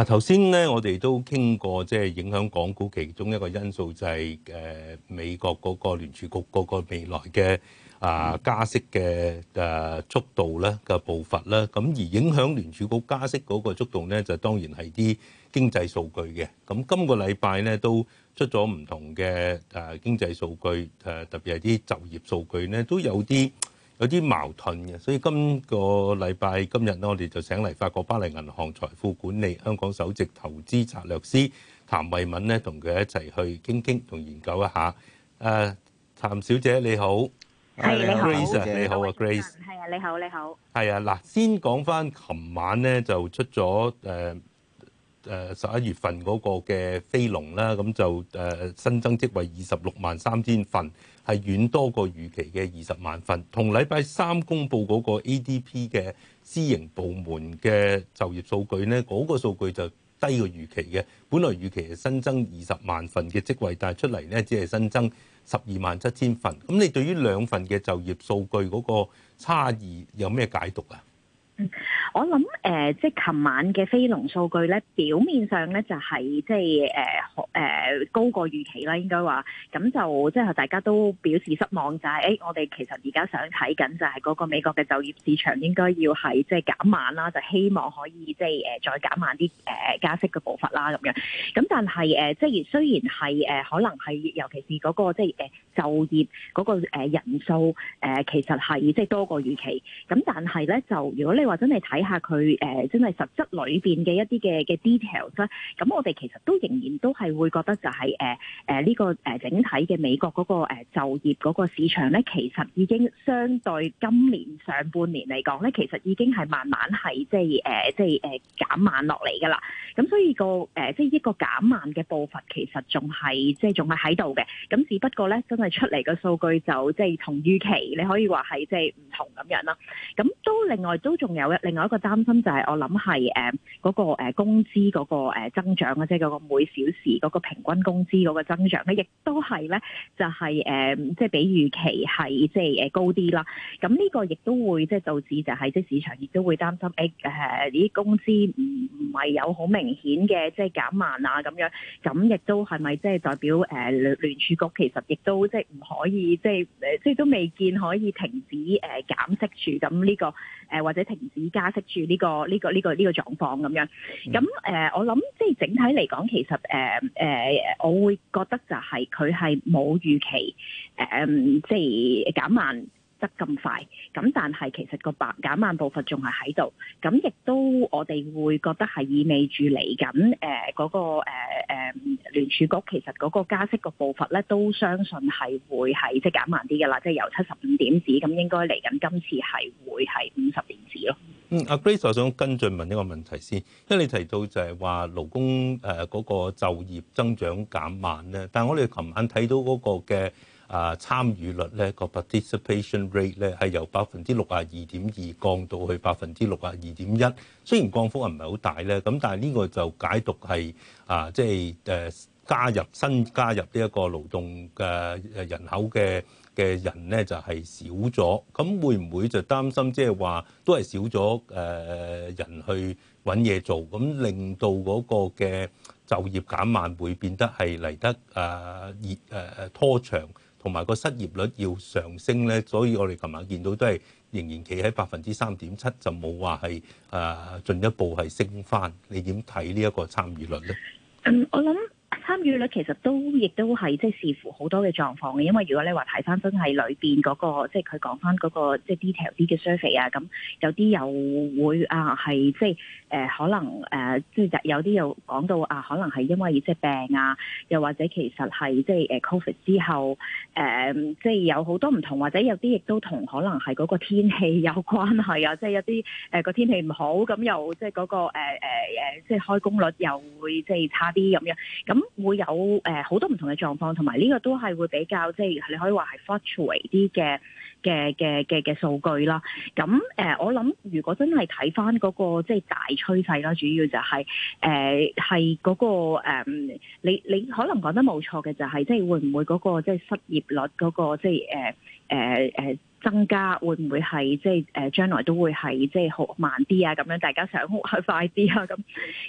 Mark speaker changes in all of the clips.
Speaker 1: 啊，頭先咧，我哋都傾過，即係影響港股其中一個因素就係誒美國嗰個聯儲局嗰個未來嘅啊加息嘅誒速度咧嘅步伐啦。咁而影響聯儲局加息嗰個速度咧，就當然係啲經濟數據嘅。咁今個禮拜咧都出咗唔同嘅誒經濟數據，誒特別係啲就業數據咧都有啲，有啲矛盾嘅，所以今個禮拜今日咧，我哋就請嚟法國巴黎銀行財富管理香港首席投資策略師譚慧敏咧，同佢一齊去傾傾同研究一下。誒，譚小姐你好，係你好，你好啊 Grace，係啊你好你
Speaker 2: 好，
Speaker 1: 係啊嗱，先講翻琴晚咧就出咗誒誒十一月份嗰個嘅非農啦，咁就誒新增職位二十六萬三千份。係遠多過預期嘅二十萬份，同禮拜三公佈嗰個 ADP 嘅私營部門嘅就業數據呢嗰、嗰個數據就低過預期嘅。本來預期係新增二十萬份嘅職位，但係出嚟呢只係新增十二萬七千份。咁你對於兩份嘅就業數據嗰個差異有咩解讀啊？
Speaker 2: 我諗誒、呃，即係琴晚嘅非農數據咧，表面上咧就係、是、即係誒誒高過預期啦，應該話，咁就即係大家都表示失望，就係、是、誒、欸、我哋其實而家想睇緊就係嗰個美國嘅就業市場應該要係即係減慢啦，就希望可以即係誒再減慢啲誒、呃、加息嘅步伐啦，咁樣。咁但係誒，即係雖然係誒可能係尤其是嗰、那個即係誒就業嗰個誒人數誒、呃，其實係即係多過預期，咁但係咧就如果你話，或者你睇下佢誒，真係實質裏邊嘅一啲嘅嘅 details 啦。咁我哋其實都仍然都係會覺得就係誒誒呢個誒整體嘅美國嗰、嗰個誒、呃、就業嗰個市場咧，其實已經相對今年上半年嚟講咧，其實已經係慢慢係即係誒即係誒減慢落嚟噶啦。咁所以個誒、呃、即係一個減慢嘅步伐，其實仲係即係仲係喺度嘅。咁只不過咧，真係出嚟嘅數據就即係同預期，你可以話係即係唔同咁樣啦。咁都另外都仲有。有另外一個擔心就係我諗係誒嗰個工資嗰個增長嘅，即係嗰個每小時嗰個平均工資嗰個增長咧，亦都係咧就係誒即係比預期係即係誒高啲啦。咁呢個亦都會即係導致就係即係市場亦都會擔心誒誒呢啲工資唔唔係有好明顯嘅即係減慢啊咁樣。咁亦都係咪即係代表誒聯聯儲局其實亦都即係唔可以即係誒即係都未見可以停止誒減息住咁呢個誒或者停？只加息住呢、這個呢、這個呢、這個呢、這個狀況咁樣，咁、嗯呃、我諗即係整體嚟講，其實誒誒、呃呃、我會覺得就係佢係冇預期誒、呃，即係減慢。得咁快，咁但係其實個白減慢步伐仲係喺度，咁亦都我哋會覺得係意味住嚟緊誒嗰個誒誒聯儲局其實嗰個加息個步伐咧，都相信係會係即係減慢啲嘅啦，即係由七十五點子咁，應該嚟緊今次係會係五十點子咯。
Speaker 1: 嗯，阿 Grace 我想跟進問一個問題先，因為你提到就係話勞工誒嗰個就業增長減慢咧，但係我哋琴晚睇到嗰個嘅。啊，參與率咧個 participation rate 咧係由百分之六十二點二降到去百分之六十二點一，雖然降幅係唔係好大咧，咁但係呢個就解讀係啊，即係誒加入新加入呢一個勞動嘅人口嘅嘅人咧就係、是、少咗，咁會唔會就擔心即係話都係少咗誒、啊、人去揾嘢做，咁令到嗰個嘅就業減慢會變得係嚟得啊熱誒、啊、拖長。同埋個失業率要上升咧，所以我哋琴晚見到都係仍然企喺百分之三點七，就冇話係誒進一步係升翻。你點睇呢一個參與率咧？嗯
Speaker 2: ，um, 我參與率其實都亦都係即係視乎好多嘅狀況嘅，因為如果你話睇翻真係裏邊嗰個即係佢講翻嗰個即係 detail 啲嘅 survey 啊，咁有啲又會啊係即係誒、呃、可能誒、呃、即係有啲又講到啊，可能係因為即係病啊，又或者其實係即係誒、啊、covid 之後誒、呃，即係有好多唔同，或者有啲亦都同可能係嗰個天氣有關係啊，即係有啲誒個天氣唔好，咁又即係嗰、那個誒誒、呃呃、即係開工率又會即係差啲咁樣咁。會有誒好、呃、多唔同嘅狀況，同埋呢個都係會比較即係、就是、你可以話係 fluctuate 啲嘅嘅嘅嘅嘅數據啦。咁、呃、我諗如果真係睇翻嗰個即係、就是、大趨勢啦，主要就係誒係嗰個、呃、你你可能講得冇錯嘅就係即係會唔會嗰、那個即係、就是、失業率嗰、那個即係、就是呃呃增加會唔會係即係誒將來都會係即係好慢啲啊？咁樣大家想好快啲啊？咁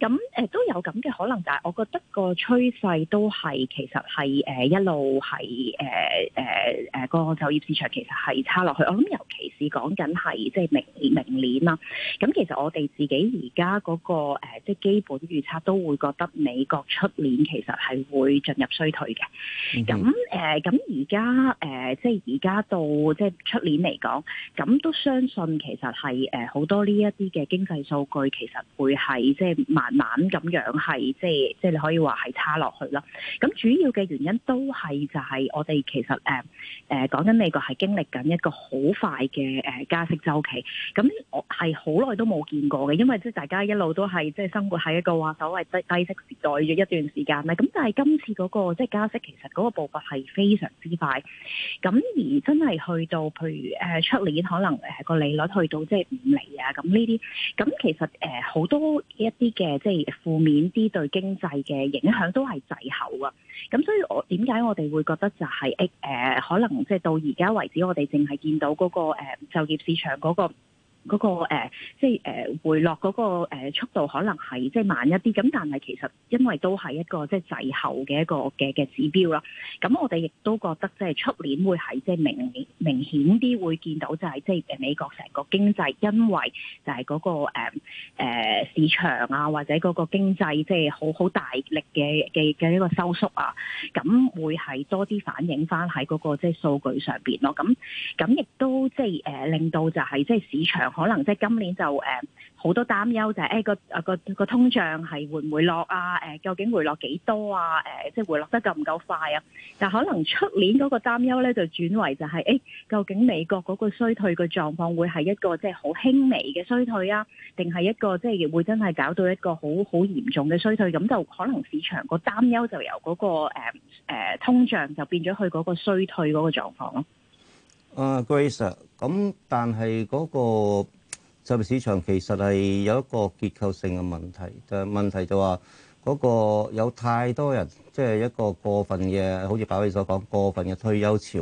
Speaker 2: 咁都有咁嘅可能，但係我覺得個趨勢都係其實係一路係誒誒個就業市場其實係差落去。我諗尤其是講緊係即係明明年啦。咁其實我哋自己而家嗰個即係基本預測都會覺得美國出年其實係會進入衰退嘅。咁誒咁而家即係而家到即係。今年嚟講，咁都相信其實係誒好多呢一啲嘅經濟數據，其實會係即係慢慢咁樣係即係即係你可以話係差落去啦。咁主要嘅原因都係就係我哋其實誒誒講緊美國係經歷緊一個好快嘅誒加息周期。咁我係好耐都冇見過嘅，因為即係大家一路都係即係生活喺一個話所謂低低息時代嘅一段時間咧。咁但係今次嗰個即係加息，其實嗰個步伐係非常之快。咁而真係去到。譬如誒出年可能誒個利率去到即係五厘啊，咁呢啲，咁其實誒好、呃、多一啲嘅即係負面啲對經濟嘅影響都係滯後啊。咁所以我點解我哋會覺得就係誒誒可能即係到而家為止我哋淨係見到嗰、嗰個誒、呃、就業市場嗰、嗰個。嗰個誒，即係誒回落嗰個速度可能係慢一啲，但係其實因為都係一個即係滯後嘅一個嘅指標啦。咁我哋亦都覺得即係出年會係明明顯啲會見到就係即係美國成個經濟因為就係嗰、那個誒、呃、市場啊或者嗰個經濟即係好好大力嘅嘅嘅一個收縮啊，咁會係多啲反映翻喺嗰個即係數據上面咯。咁亦都即、就、係、是、令到就係即係市場。可能即係今年就誒好、呃、多擔憂、就是，就係誒個個個通脹係會唔會落啊？誒、欸、究竟回落幾多啊？誒、欸、即係回落得夠唔夠快啊？但可能出年嗰個擔憂咧，就轉為就係、是、誒、欸、究竟美國嗰個衰退嘅狀況會係一個即係好輕微嘅衰退啊，定係一個即係、就是、會真係搞到一個好好嚴重嘅衰退？咁就可能市場個擔憂就由嗰、那個誒、呃呃、通脹就變咗去嗰個衰退嗰個狀況咯。
Speaker 3: Uh, Grace, 啊，Grace，咁但係嗰個就業市場其實係有一個結構性嘅問題，就係、是、問題就話嗰個有太多人，即、就、係、是、一個過分嘅，好似柏偉所講過分嘅退休潮。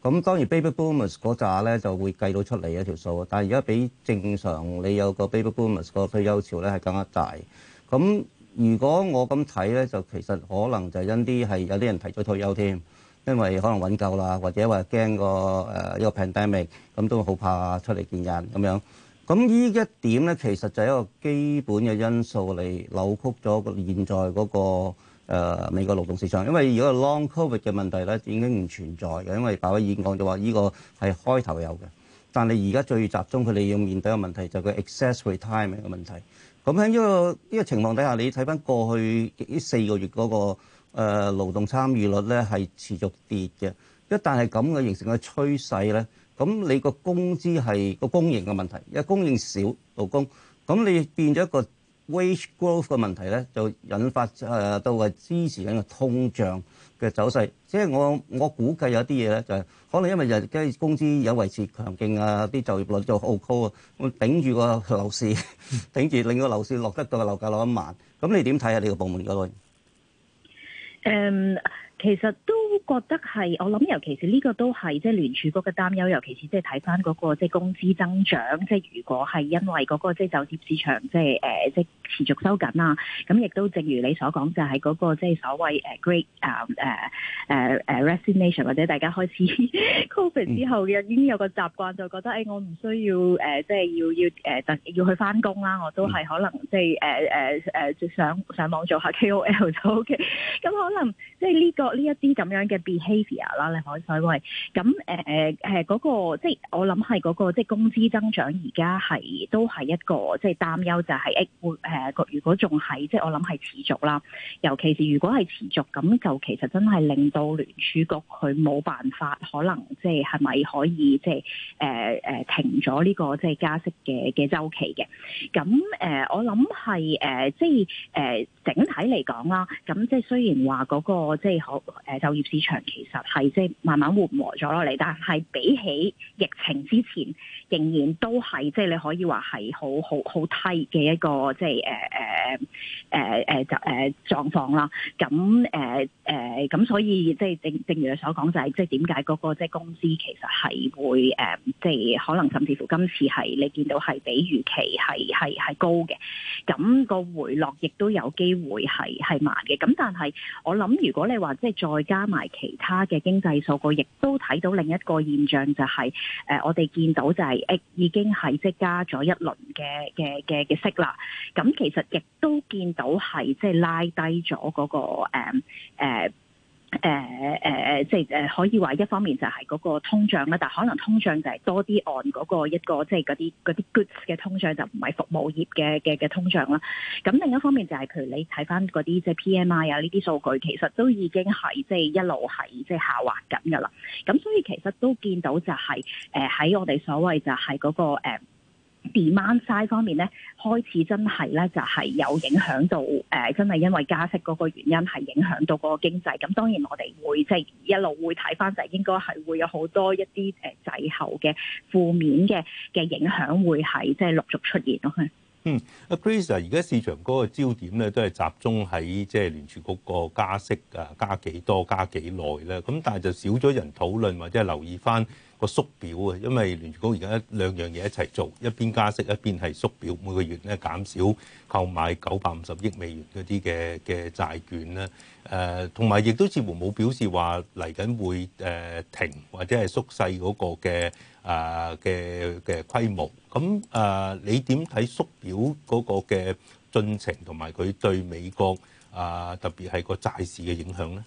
Speaker 3: 咁、啊、當然 baby boomers 嗰紮咧就會計到出嚟一條數，但係而家比正常你有個 baby boomers 個退休潮咧係更加大。咁、啊、如果我咁睇咧，就其實可能就因啲係有啲人提早退休添。因為可能揾夠啦，或者話驚個誒一個 pandemic，咁都好怕出嚟見人咁樣。咁呢一點咧，其實就係一個基本嘅因素嚟扭曲咗個現在嗰、嗰個、呃、美國勞動市場。因為如果係 Long Covid 嘅問題咧已經唔存在嘅，因為鮑威爾講就話呢個係開頭有嘅。但係而家最集中佢哋要面對嘅問題就係佢 excess retirement 嘅問題。咁喺呢個呢、呢個情況底下，你睇翻過去呢四個月嗰、嗰個。誒勞動參與率咧係持續跌嘅，一旦係咁嘅形成嘅趨勢咧，咁你個工資係個供應嘅問題，因為供應少勞工，咁你變咗一個 wage growth 嘅問題咧，就引發到係支持緊嘅通脹嘅走勢。即係我我估計有啲嘢咧，就係可能因為人嘅工資有維持強勁啊，啲就業率就好高啊，頂住個樓市，頂住令個樓市落得到個樓價落一萬。咁你點睇下你個部門嗰度？
Speaker 2: 誒，其實都。覺得係，我諗尤其是呢個都係即係聯儲局嘅擔憂，尤其是，是看、那個、即係睇翻嗰個即係工資增長，即係如果係因為嗰、那個即係就業市場即係誒、呃、即係持續收緊啦，咁亦都正如你所講、那個，就係嗰個即係所謂誒 Great 誒、啊、誒誒、啊啊、resignation、um、或者大家開始 covid 之後已經有個習慣，就覺得誒、欸、我唔需要誒、呃、即係要要誒要、呃、要去翻工啦，我都係可能即係誒誒誒上上網做下 K O L 就 OK，咁可能即係呢、這個呢一啲咁樣。嘅 behavior 啦，你可視為咁誒誒誒嗰個，即係我諗係嗰個，即係工資增長而家係都係一個即係擔憂，就係誒會誒，如果仲係即係我諗係持續啦，尤其是如果係持續，咁就其實真係令到聯儲局佢冇辦法，可能即係係咪可以即係誒誒停咗呢個即係加息嘅嘅週期嘅？咁誒、呃，我諗係誒即係誒。呃整體嚟講啦，咁即係雖然話嗰個即係就業市場其實係即係慢慢緩和咗落嚟，但係比起疫情之前，仍然都係即係你可以話係好好好 tight 嘅一個即係、呃誒，誒、嗯，誒、嗯，就誒狀況啦，咁、嗯、誒，誒、嗯，咁、嗯嗯嗯嗯、所以即係正正如你所講、就是，就係、嗰個、即係點解嗰個即係工資其實係會誒、嗯，即係可能甚至乎今次係你見到係比預期係係係高嘅，咁、嗰個回落亦都有機會係係慢嘅，咁但係我諗如果你話即係再加埋其他嘅經濟數據，亦都睇到另一個現象就係、是、誒、呃，我哋見到就係、是、誒已經係即加咗一輪嘅嘅嘅嘅息啦，咁其實亦。都見到係即係拉低咗嗰個誒誒誒誒誒，即係誒可以話一方面就係嗰個通脹啦，但係可能通脹就係多啲按嗰個一個即係嗰啲啲 goods 嘅通脹就唔係服務業嘅嘅嘅通脹啦。咁另一方面就係譬如你睇翻嗰啲即係 P M I 啊呢啲數據，其實都已經係即係一路係即係下滑緊噶啦。咁所以其實都見到就係喺我哋所謂就係嗰個誒 demand side 方面咧，開始真係咧就係有影響到誒，真係因為加息嗰個原因係影響到嗰個經濟。咁當然我哋會即係一路會睇翻就係應該係會有好多一啲誒滯後嘅負面嘅嘅影響會係即係陸續出現咯，係。嗯，
Speaker 1: 阿 Chris 啊，而家市場嗰個焦點咧都係集中喺即係聯儲局個加息啊，加幾多，加幾耐咧？咁但係就少咗人討論或者係留意翻。個縮表啊，因為聯儲局而家一兩樣嘢一齊做，一邊加息，一邊係縮表，每個月咧減少購買九百五十億美元嗰啲嘅嘅債券啦。誒、呃，同埋亦都似乎冇表示話嚟緊會誒停或者係縮細嗰個嘅啊嘅嘅規模。咁誒、呃，你點睇縮表嗰個嘅進程同埋佢對美國啊、呃、特別係個債市嘅影響咧？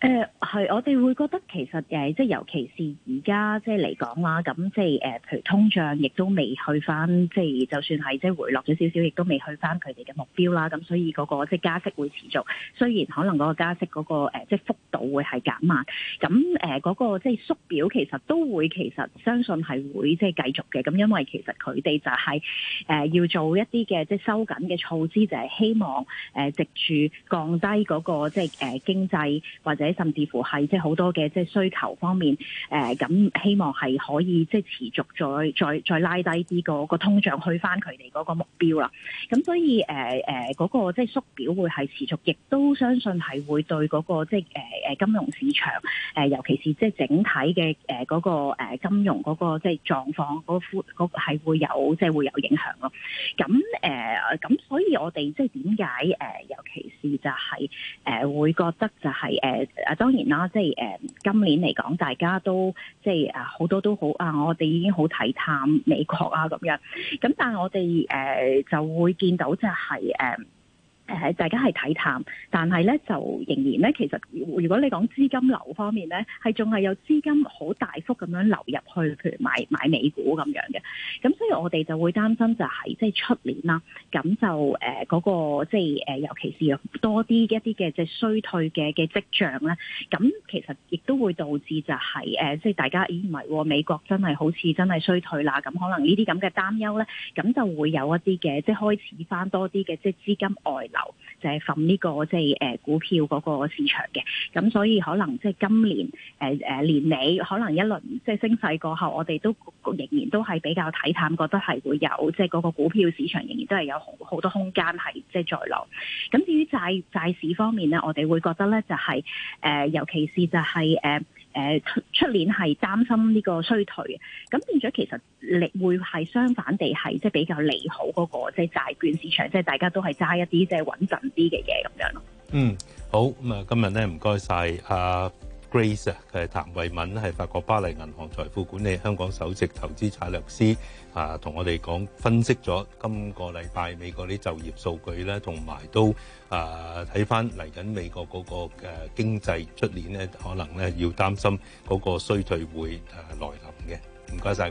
Speaker 2: 誒，係、呃、我哋會覺得其實誒，即係尤其是而家即係嚟講啦，咁即係誒，譬如通脹亦都未去翻，即係就算係即係回落咗少少，亦都未去翻佢哋嘅目標啦。咁所以嗰、那個即係、就是、加息會持續，雖然可能嗰個加息嗰、那個誒，即、就、係、是、幅度會係減慢。咁誒，嗰個即係縮表其實都會，其實相信係會即係繼續嘅。咁因為其實佢哋就係誒要做一啲嘅即係收緊嘅措施，就係、是、希望誒藉住降低嗰、那個即係誒經濟或者。甚至乎係即係好多嘅即係需求方面，誒、呃、咁希望係可以即係持續再再再拉低啲、呢個個通脹，去翻佢哋個目標啦。咁所以誒誒嗰個即係縮表會係持續，亦都相信係會對嗰、嗰個即係誒誒金融市場，誒、呃、尤其是即係整體嘅誒個誒金融嗰個即係狀況係、嗰個、會有即係會有影響咯。咁誒咁所以我哋即係點解誒尤其是就係、係、誒、呃、會覺得就係、係、誒。呃啊，當然啦，即係誒，今年嚟講，大家都即係啊，好多都好啊，我哋已經好睇淡美國啊咁樣，咁但係我哋誒、呃、就會見到就係、係、誒。呃誒大家係睇淡，但係咧就仍然咧，其實如果你講資金流方面咧，係仲係有資金好大幅咁樣流入去，譬如買買美股咁樣嘅。咁所以我哋就會擔心就係即係出年啦，咁就誒嗰、呃嗰個即係尤其是多啲一啲嘅即係衰退嘅嘅跡象咧，咁其實亦都會導致就係誒即係大家以為美國真係好似真係衰退啦，咁可能這這呢啲咁嘅擔憂咧，咁就會有一啲嘅即係開始翻多啲嘅即係資金外流。就係揈呢個即係誒股票嗰個市場嘅，咁所以可能即係今年誒誒年尾可能一輪即係升勢過後，我哋都仍然都係比較睇淡，覺得係會有即係嗰個股票市場仍然都係有好好多空間係即係在落。咁至於債債市方面咧，我哋會覺得咧就係誒，尤其是就係誒。誒，出年係擔心呢個衰退，咁變咗其實利會係相反地係即係比較利好嗰個即係債券市場，即係大家都係揸一啲即係穩陣啲嘅嘢咁樣咯。
Speaker 1: 嗯，好，咁啊今日咧唔該晒啊。Grace 啊，佢係譚慧敏，係法國巴黎銀行財富管理香港首席投資策略師啊，同我哋講分析咗今個禮拜美國啲就業數據咧，同埋都啊睇翻嚟緊美國嗰個嘅經濟出年咧，可能咧要擔心嗰個衰退會啊來臨嘅。唔該曬。